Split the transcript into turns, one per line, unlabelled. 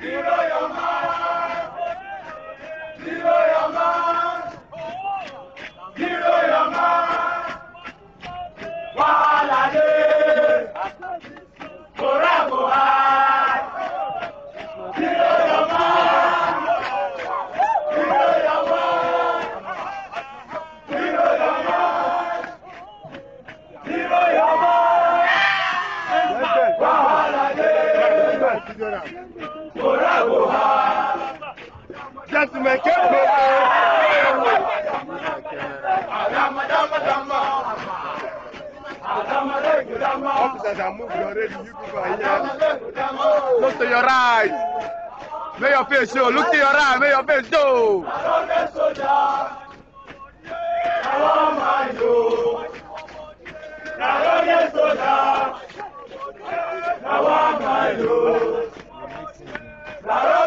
Hero!
Nigeria. Bora
Bora. Gentlemen, get me. Officers are moving already. You people are here. Look to your
right. May your face show. Look to your right. May your face show.
Claro.